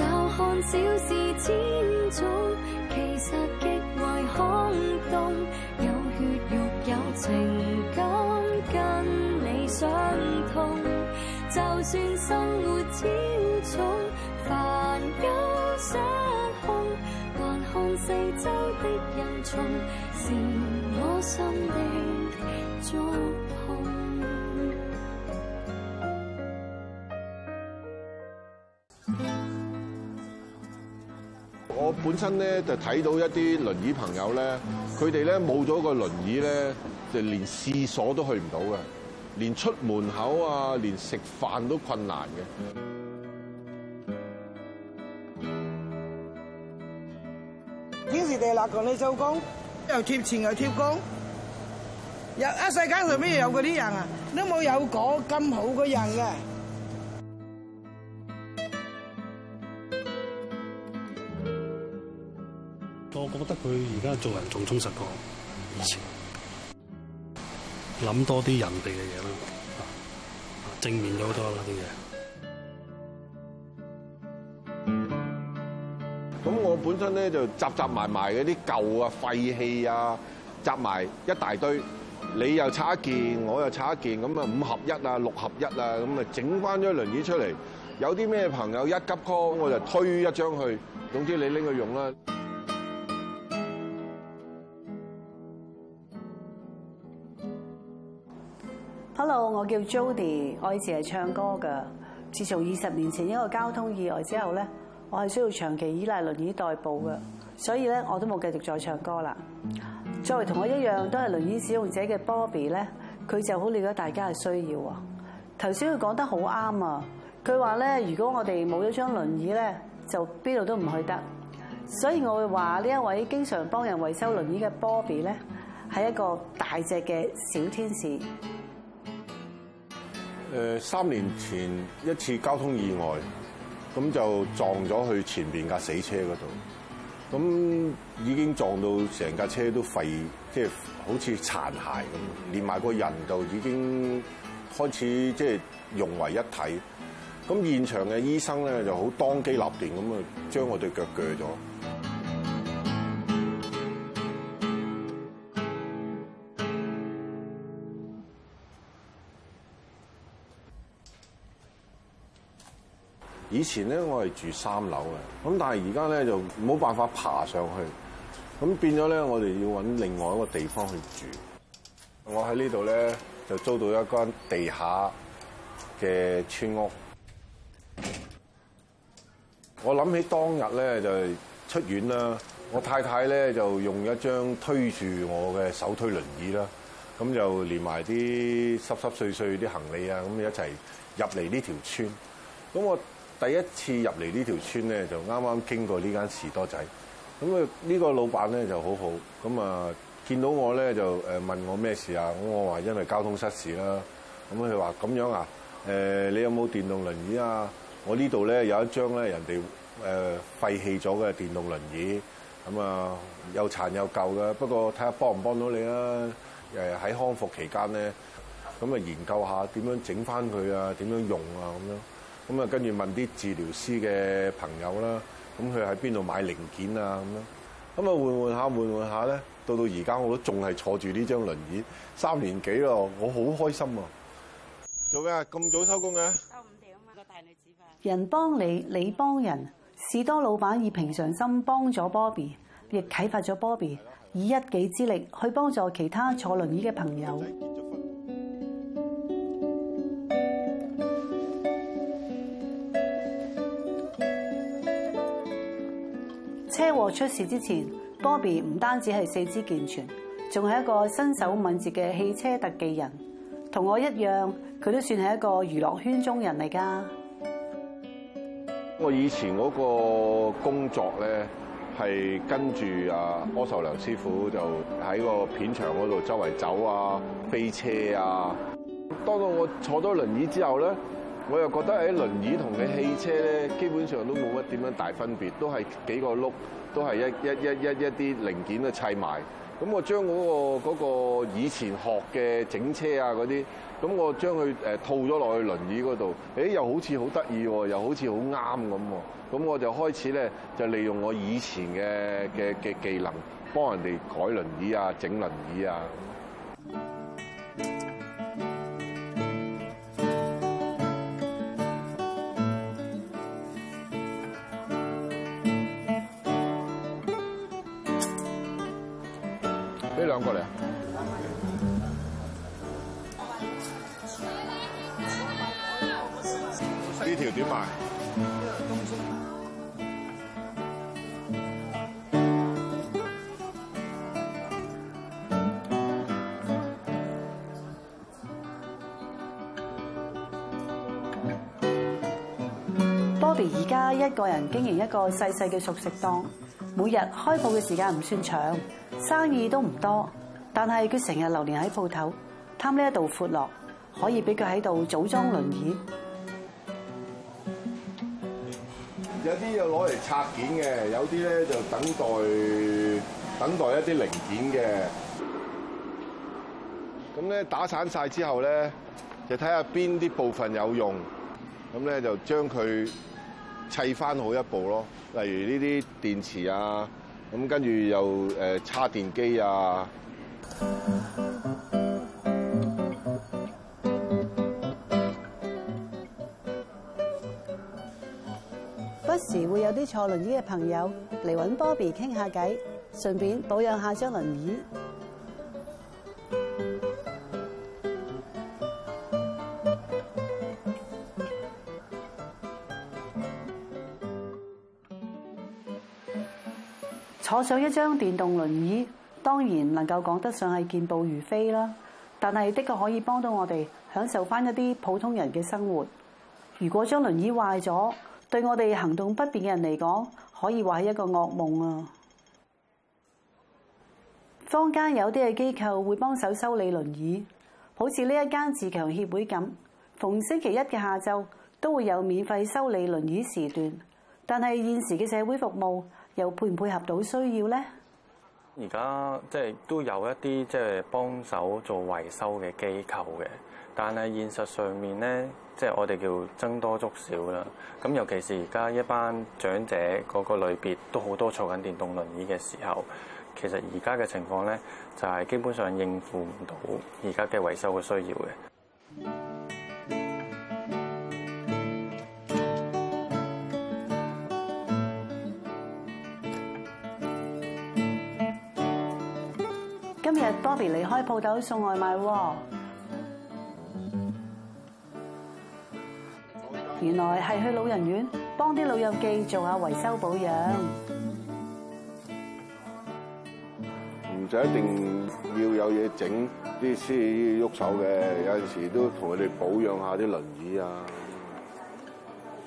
就看小事千種，其實極為空洞。有血肉有情感，跟你相通。就算生活超重，煩憂失控，環看四周的人叢，是我心的觸碰。本身咧就睇到一啲輪椅朋友咧，佢哋咧冇咗個輪椅咧，就連廁所都去唔到嘅，連出門口啊，連食飯都困難嘅，嗯。天時地攤工你收工，又貼錢又貼工，一間有啊，世界上邊有嗰啲人啊，都冇有嗰咁好嘅人嘅。我覺得佢而家做人仲充實過以前，諗多啲人哋嘅嘢啦，正面咗好多啲嘢。咁我本身咧就集集埋埋嗰啲舊啊廢棄啊，集埋一大堆，你又拆一件，我又拆一件，咁啊五合一啊六合一啊，咁啊整翻咗一輪椅出嚟。有啲咩朋友一急 call，我就推一張去，總之你拎佢用啦。Hello，我叫 Jody，我以前係唱歌噶。自從二十年前一個交通意外之後咧，我係需要長期依賴輪椅代步噶，所以咧我都冇繼續再唱歌啦。作為同我一樣都係輪椅使用者嘅 Bobby 咧，佢就好了解大家嘅需要的。啊。頭先佢講得好啱啊！佢話咧，如果我哋冇咗張輪椅咧，就邊度都唔去得。所以我會話呢一位經常幫人維修輪椅嘅 Bobby 咧，係一個大隻嘅小天使。誒，三年前一次交通意外，咁就撞咗去前面架死車嗰度，咁已經撞到成架車都廢，即係好似殘骸咁，連埋個人就已經開始即係融為一體。咁現場嘅醫生咧就好當機立斷咁啊，將我對腳鋸咗。以前咧我係住三樓嘅，咁但係而家咧就冇辦法爬上去，咁變咗咧我哋要揾另外一個地方去住。我喺呢度咧就租到一間地下嘅村屋。我諗起當日咧就出院啦，我太太咧就用一張推住我嘅手推輪椅啦，咁就連埋啲濕濕碎碎啲行李啊，咁一齊入嚟呢條村。咁我第一次入嚟呢條村咧，就啱啱經過呢間士多仔，咁啊呢個老闆咧就好好，咁啊見到我咧就誒問我咩事啊，咁我話因為交通失事啦，咁佢話咁樣啊，誒你有冇電動輪椅啊？我呢度咧有一張咧人哋誒廢棄咗嘅電動輪椅，咁啊又殘又舊嘅，不過睇下幫唔幫到你啦，誒喺康復期間咧，咁啊研究下點樣整翻佢啊，點樣用啊咁咁啊，跟住問啲治療師嘅朋友啦，咁佢喺邊度買零件啊？咁樣，咁啊，換換下，換換下咧，到到而家我都仲係坐住呢張輪椅，三年幾咯，我好開心啊！做咩？咁早收工嘅？收五點啊嘛，個大女子。人幫你，你幫人。士多老闆以平常心幫咗 Bobby，亦啟發咗 Bobby 以一己之力去幫助其他坐輪椅嘅朋友。車禍出事之前，Bobby 唔單止係四肢健全，仲係一個身手敏捷嘅汽車特技人，同我一樣，佢都算係一個娛樂圈中人嚟㗎。我以前嗰個工作咧，係跟住阿柯受良師傅就喺個片場嗰度周圍走啊、飛車啊。當到我坐咗輪椅之後咧。我又覺得誒輪椅同嘅汽車咧，基本上都冇乜點樣大分別，都係幾個轆，都係一一一一一啲零件都砌埋。咁我將嗰個嗰個以前學嘅整車啊嗰啲，咁我將佢套咗落去輪椅嗰度，誒又好似好得意喎，又好似好啱咁喎。咁我就開始咧就利用我以前嘅嘅嘅技能，幫人哋改輪椅啊，整輪椅啊。過嚟，呢條點賣？Bobby 而家一個人經營一個細細嘅熟食檔，每日開鋪嘅時間唔算長。生意都唔多，但係佢成日流連喺鋪頭，貪呢一度闊落，可以俾佢喺度組裝輪椅。有啲要攞嚟拆件嘅，有啲咧就等待等待一啲零件嘅。咁咧打散晒之後咧，就睇下邊啲部分有用，咁咧就將佢砌翻好一步咯。例如呢啲電池啊。咁跟住又誒叉電機啊！不時會有啲坐輪椅嘅朋友嚟揾 Bobby 傾下偈，順便保養下張輪椅。坐上一張電動輪椅，當然能夠講得上係健步如飛啦。但係的確可以幫到我哋享受返一啲普通人嘅生活。如果張輪椅壞咗，對我哋行動不便嘅人嚟講，可以話係一個噩夢啊。坊間有啲嘅機構會幫手修理輪椅，好似呢一間自強協會咁，逢星期一嘅下晝都會有免費修理輪椅時段。但係現時嘅社會服務，又配唔配合到需要咧？而家即係都有一啲即係幫手做維修嘅機構嘅，但係現實上面咧，即係我哋叫僧多粥少啦。咁尤其是而家一班長者嗰個類別，都好多坐緊電動輪椅嘅時候，其實而家嘅情況咧，就係基本上應付唔到而家嘅維修嘅需要嘅。b o b b，離開鋪頭送外賣喎，原來係去老人院幫啲老友記做下維修保養。唔就一定要有嘢整啲先喐手嘅，有陣時都同佢哋保養一下啲輪椅啊。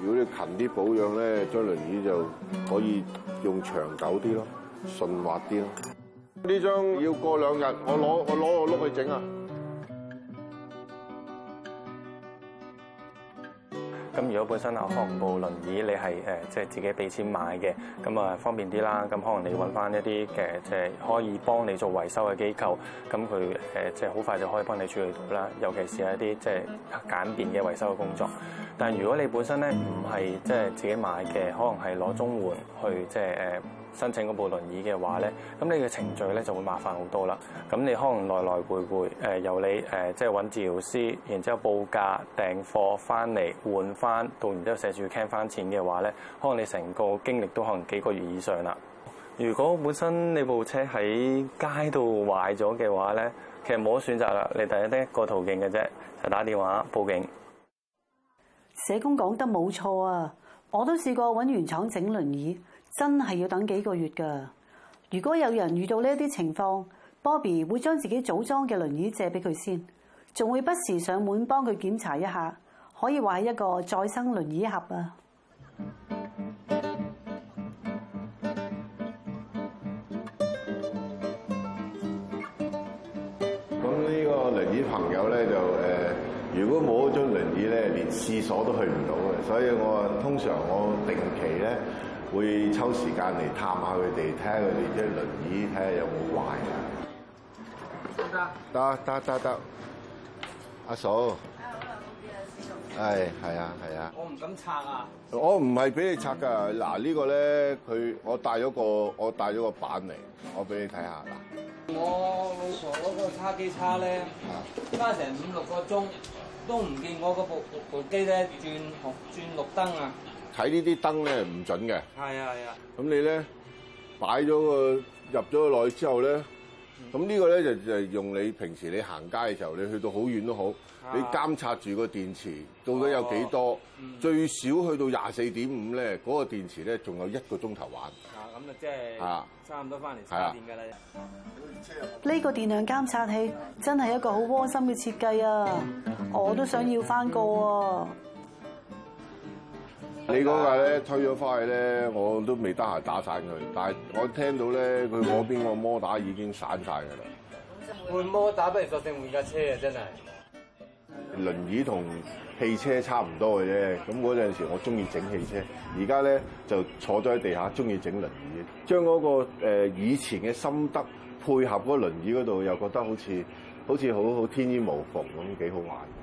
如果你勤啲保養咧，將輪椅就可以用長久啲咯，順滑啲咯。呢張要過兩日，我攞我攞我碌去整啊！咁如果本身啊，航步輪椅你係誒，即係自己俾錢買嘅，咁啊方便啲啦。咁可能你搵翻一啲嘅，即係可以幫你做維修嘅機構，咁佢誒，即係好快就可以幫你處理到啦。尤其是係一啲即係簡便嘅維修嘅工作。但如果你本身咧唔係即係自己買嘅，可能係攞綜援去即係誒。申請嗰部輪椅嘅話咧，咁你嘅程序咧就會麻煩好多啦。咁你可能來來回回，誒由你誒即係揾治療師，然之後報價、訂貨、翻嚟換翻，到然之後寫住 can 翻錢嘅話咧，可能你成個經歷都可能幾個月以上啦。如果本身你部車喺街度壞咗嘅話咧，其實冇得選擇啦，你第一得一個途徑嘅啫，就打電話報警。社工講得冇錯啊，我都試過揾原廠整輪椅。真係要等幾個月㗎。如果有人遇到呢一啲情況，Bobby 會將自己組裝嘅輪椅借俾佢先，仲會不時上門幫佢檢查一下。可以話係一個再生輪椅俠啊！咁呢個輪椅朋友咧就、呃、如果冇咗輪椅咧，連廁所都去唔到嘅。所以我通常我定期咧。會抽時間嚟探下佢哋，睇下佢哋啲輪椅，睇下有冇壞啊。得得得得得，阿嫂。係係啊係啊。啊我唔敢拆啊。我唔係俾你拆㗎，嗱、嗯這個、呢個咧佢，我帶咗個我帶咗個板嚟，我俾你睇下嗱，我老婆嗰個叉機叉咧，叉成五六個鐘，都唔見我嗰部部機咧轉紅轉綠燈啊。睇呢啲燈咧唔準嘅，係啊係啊。咁你咧擺咗個入咗去內之後咧，咁、嗯、呢個咧就就係、用你平時你行街嘅時候，你去到好遠都好，啊、你監察住個電池到底有幾多，最、哦嗯、少去到廿四點五咧，嗰、嗰個電池咧仲有一個鐘頭玩。啊咁啊，的即係差唔多翻嚟叉電㗎啦。呢的個電量監察器真係一個好窩心嘅設計啊！我都想要翻個啊。你嗰架咧推咗翻去咧，我都未得閒打散佢，但係我聽到咧佢嗰邊個摩打已經散晒嘅啦。換摩打不如索性換架車啊！真係。輪椅同汽車差唔多嘅啫，咁嗰陣時我中意整汽車，而家咧就坐咗喺地下，中意整輪椅，將嗰個誒以前嘅心得配合嗰輪椅嗰度，又覺得好似好似好好天衣無縫咁，幾好玩。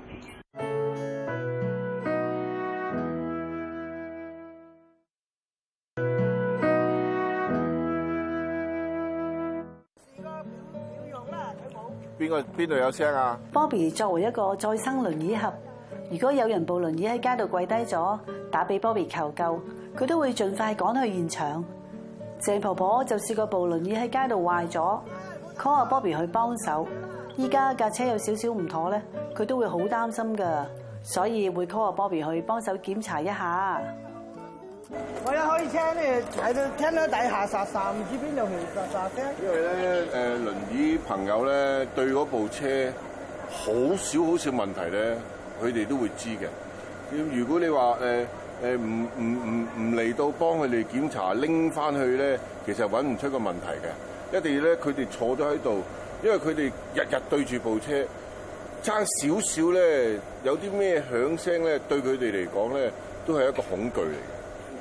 邊度有聲啊？Bobby 作為一個再生輪椅俠，如果有人部輪椅喺街度跪低咗，打俾 Bobby 求救，佢都會盡快趕去現場。鄭婆婆就試過部輪椅喺街度壞咗，call 阿 Bobby 去幫手。依家架車有少少唔妥咧，佢都會好擔心噶，所以會 call 阿 Bobby 去幫手檢查一下。我一開車咧，踩到聽，聽到底下沙沙，唔知邊度嚟沙沙聲。因為咧誒，輪椅朋友咧對嗰部車好少好少問題咧，佢哋都會知嘅。咁如果你話誒誒唔唔唔唔嚟到幫佢哋檢查拎翻去咧，其實揾唔出個問題嘅。一定要咧，佢哋坐咗喺度，因為佢哋日日對住部車，差少少咧，有啲咩響聲咧，對佢哋嚟講咧都係一個恐懼嚟。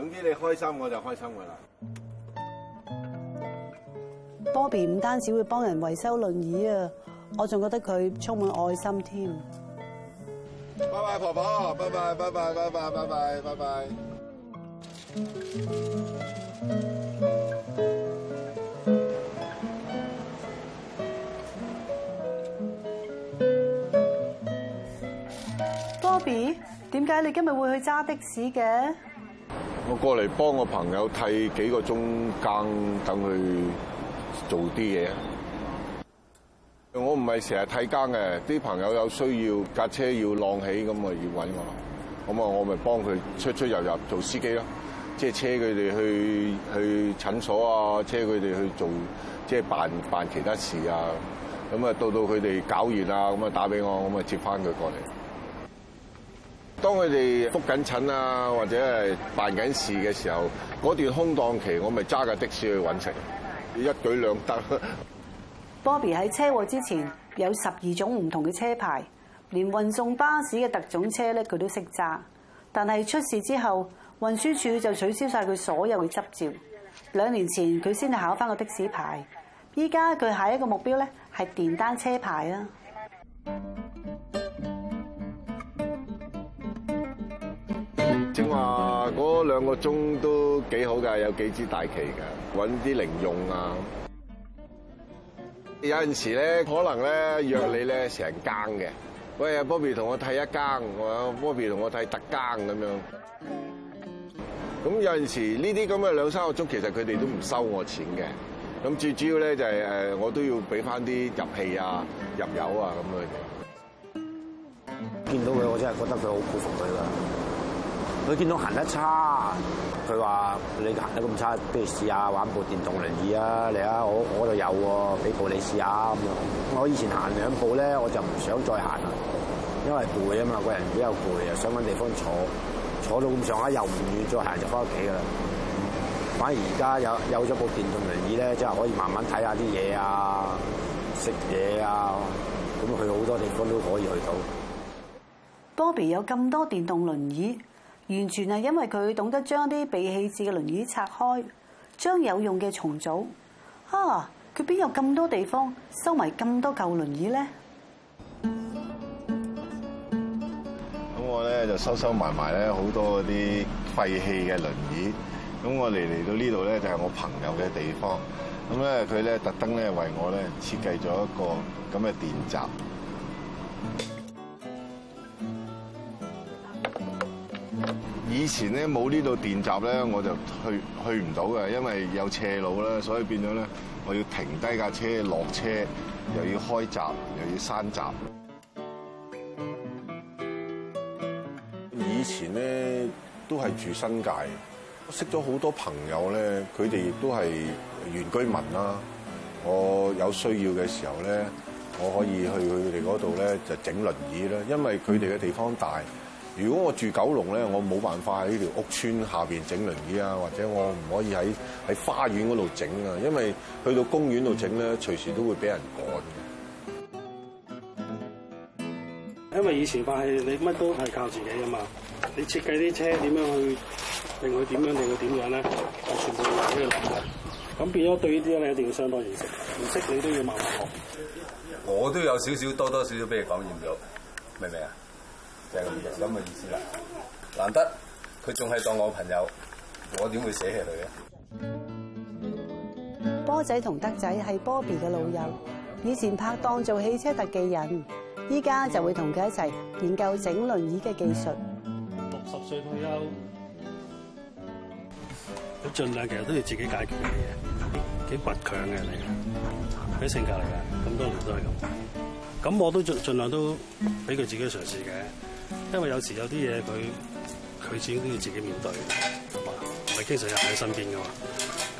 總之你開心我就開心㗎啦。Bobby 唔單止會幫人維修輪椅啊，我仲覺得佢充滿愛心添。拜拜婆婆，拜拜拜拜拜拜拜拜拜拜。Bobby，點解你今日會去揸的士嘅？我過嚟幫個朋友替幾個鐘更，等佢做啲嘢。我唔係成日睇更嘅，啲朋友有需要架車要晾起，咁啊要搵我，咁啊我咪幫佢出出入入做司機咯。即係車佢哋去去診所啊，車佢哋去做即係辦辦其他事啊。咁啊到到佢哋搞完啊，咁啊打俾我，咁咪接翻佢過嚟。當佢哋覆緊診啊，或者係辦緊事嘅時候，嗰段空檔期，我咪揸架的士去揾食，一舉兩得。 Bobby 喺車禍之前有十二種唔同嘅車牌，連運送巴士嘅特種車咧，佢都識揸。但係出事之後，運輸署就取消晒佢所有嘅執照。兩年前佢先係考翻個的士牌，依家佢下一個目標咧係電單車牌啦。嗰兩個鐘都幾好㗎，有幾支大旗㗎，揾啲零用啊。有陣時咧，可能咧約你咧成更嘅，喂啊，Bobby 同我睇一更，我嘛？Bobby 同我睇特更咁樣。咁有陣時呢啲咁嘅兩三個鐘，其實佢哋都唔收我錢嘅。咁最主要咧就係誒，我都要俾翻啲入氣啊、入油啊咁樣。見到佢，我真係覺得佢好佩服佢啦。佢見到行得差，佢話你行得咁差，不如試下玩部電動輪椅啊！你啊，我我就有喎，俾部你試下。咁我以前行兩步咧，我就唔想再行啦，因為攰啊嘛，個人比較攰啊，想揾地方坐。坐到咁上下又唔願再行，就翻屋企噶啦。反而而家有有咗部電動輪椅咧，即係可以慢慢睇下啲嘢啊，食嘢啊，咁去好多地方都可以去到。Bobby 有咁多電動輪椅。完全係因為佢懂得將啲被棄置嘅輪椅拆開，將有用嘅重組。啊，佢邊有咁多地方收埋咁多舊輪椅咧？咁我咧就收收埋埋咧好多嗰啲廢棄嘅輪椅。咁我嚟嚟到呢度咧就係我朋友嘅地方。咁咧佢咧特登咧為我咧設計咗一個咁嘅電閘。以前咧冇呢度電閘咧，我就去去唔到嘅，因為有斜路啦，所以變咗咧，我要停低架車落車，又要開閘，又要閂閘。以前咧都係住新界，我識咗好多朋友咧，佢哋亦都係原居民啦。我有需要嘅時候咧，我可以去佢哋嗰度咧就整輪椅啦，因為佢哋嘅地方大。如果我住九龍咧，我冇辦法喺條屋村下邊整輪椅啊，或者我唔可以喺喺花園嗰度整啊，因為去到公園度整咧，隨時都會俾人趕嘅。因為以前話係你乜都係靠自己㗎嘛，你設計啲車點樣去令佢點樣令佢點樣咧，我全部要自己諗嘅。咁變咗對呢啲咧，一定要相當認識，唔識你都要慢慢學我。我都有少少多多少少俾你講完咗，明唔明啊？就係咁樣咁嘅意思啦。難得佢仲係當我朋友，我點會捨棄佢咧？波仔同德仔係 Bobby 嘅老友，以前拍檔做汽車特技人，依家就會同佢一齊研究整輪椅嘅技術。六十歲退休，佢儘量其實都要自己解決嘅嘢，幾倔強嘅你，佢性格嚟嘅，咁多年都係咁。咁我都盡量都俾佢自己嘗試嘅，因為有時有啲嘢佢佢自己都要自己面對，係嘛？唔係經常有人喺身邊㗎嘛。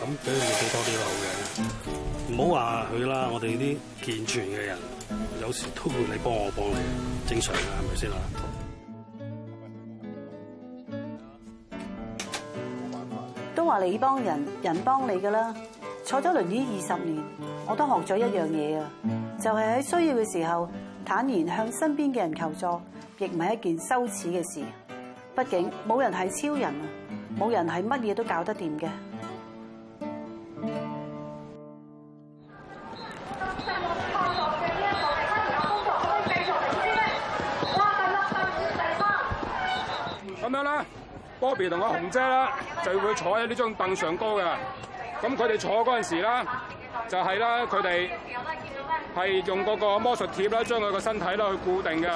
咁俾佢哋俾多啲都好嘅、嗯，唔好話佢啦。我哋啲健全嘅人有時都會你幫我幫你，正常㗎，係咪先啦？都話你幫人，人幫你㗎啦。坐咗輪椅二十年。我都學咗一樣嘢啊，就係喺需要嘅時候坦然向身邊嘅人求助，亦唔係一件羞恥嘅事。畢竟冇人係超人啊，冇人係乜嘢都搞得掂嘅。咁樣啦，Bobby 同阿紅姐啦，就會坐喺呢張凳上高嘅。咁佢哋坐嗰陣時啦。就係啦，佢哋係用嗰個魔術貼啦，將佢個身體啦去固定嘅。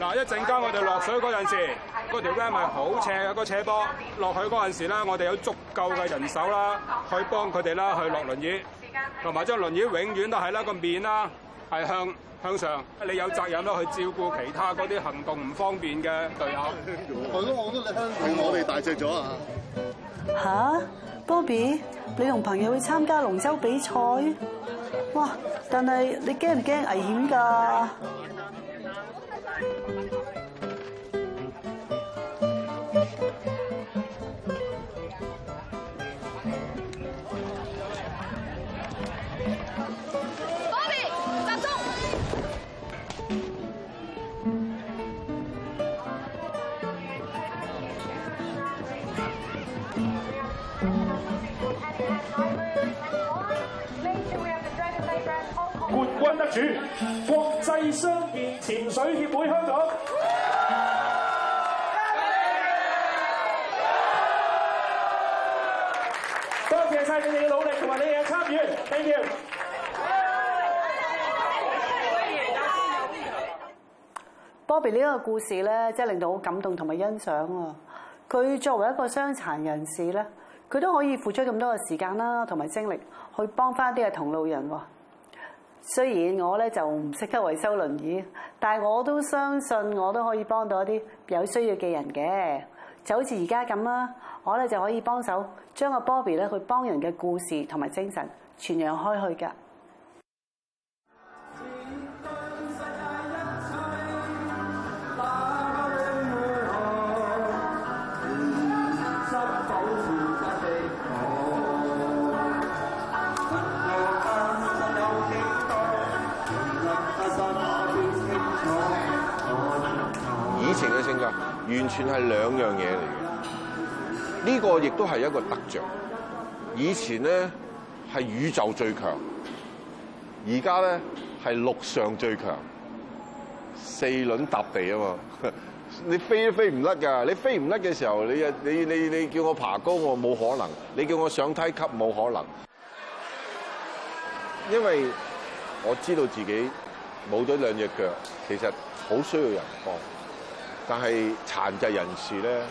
嗱，一陣間我哋落水嗰陣時，嗰條咧咪好斜嘅，個斜坡落去嗰陣時咧，我哋有足夠嘅人手啦，去幫佢哋啦去落輪椅，同埋將輪椅永遠都係啦個面啦，係向向上。你有責任啦去照顧其他嗰啲行動唔方便嘅隊友。係咯，我都係香港。我哋大隻咗啊！吓？Bobby，你同朋友去參加龍舟比賽，嘩，但係你驚唔驚危險㗎？冠軍得主國際商業潛水協會香港，多謝晒你哋嘅努力同埋你哋嘅參與，thank you。謝謝 Bobby 呢一個故事咧，即係令到好感動同埋欣賞啊！佢作為一個傷殘人士咧，佢都可以付出咁多嘅時間啦，同埋精力去幫翻啲嘅同路人喎。雖然我咧就唔識得維修輪椅，但係我都相信我都可以幫到一啲有需要嘅人嘅。就好似而家咁啦，我咧就可以幫手將個 Bobby 咧去幫人嘅故事同埋精神傳揚開去㗎。算係兩樣嘢嚟嘅，呢個亦都係一個特長。以前咧係宇宙最強，而家咧係陸上最強，四輪踏地啊嘛，你不的，你飛都飛唔甩噶，你飛唔甩嘅時候，你啊你你你叫我爬高我冇可能，你叫我上梯級冇可能，因為我知道自己冇咗兩隻腳，其實好需要人幫。但係殘疾人士咧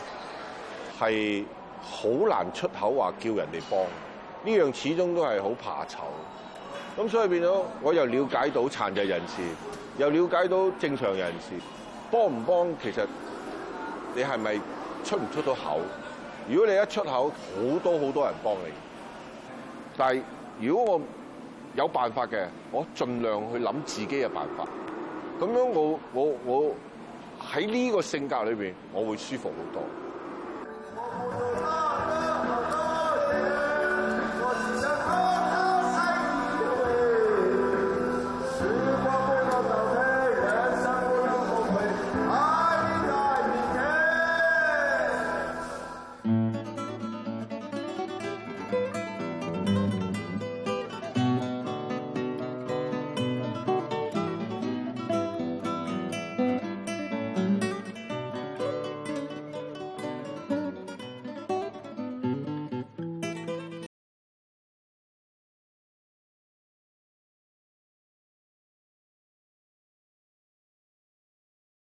係好難出口話叫人哋幫，呢樣始終都係好怕醜。咁所以變咗，我又了解到殘疾人士，又了解到正常人士，幫唔幫其實你係咪出唔出到口？如果你一出口，好多好多人幫你。但係如果我有辦法嘅，我盡量去諗自己嘅辦法。咁樣我我我。我喺呢個性格裏面，我會舒服好多。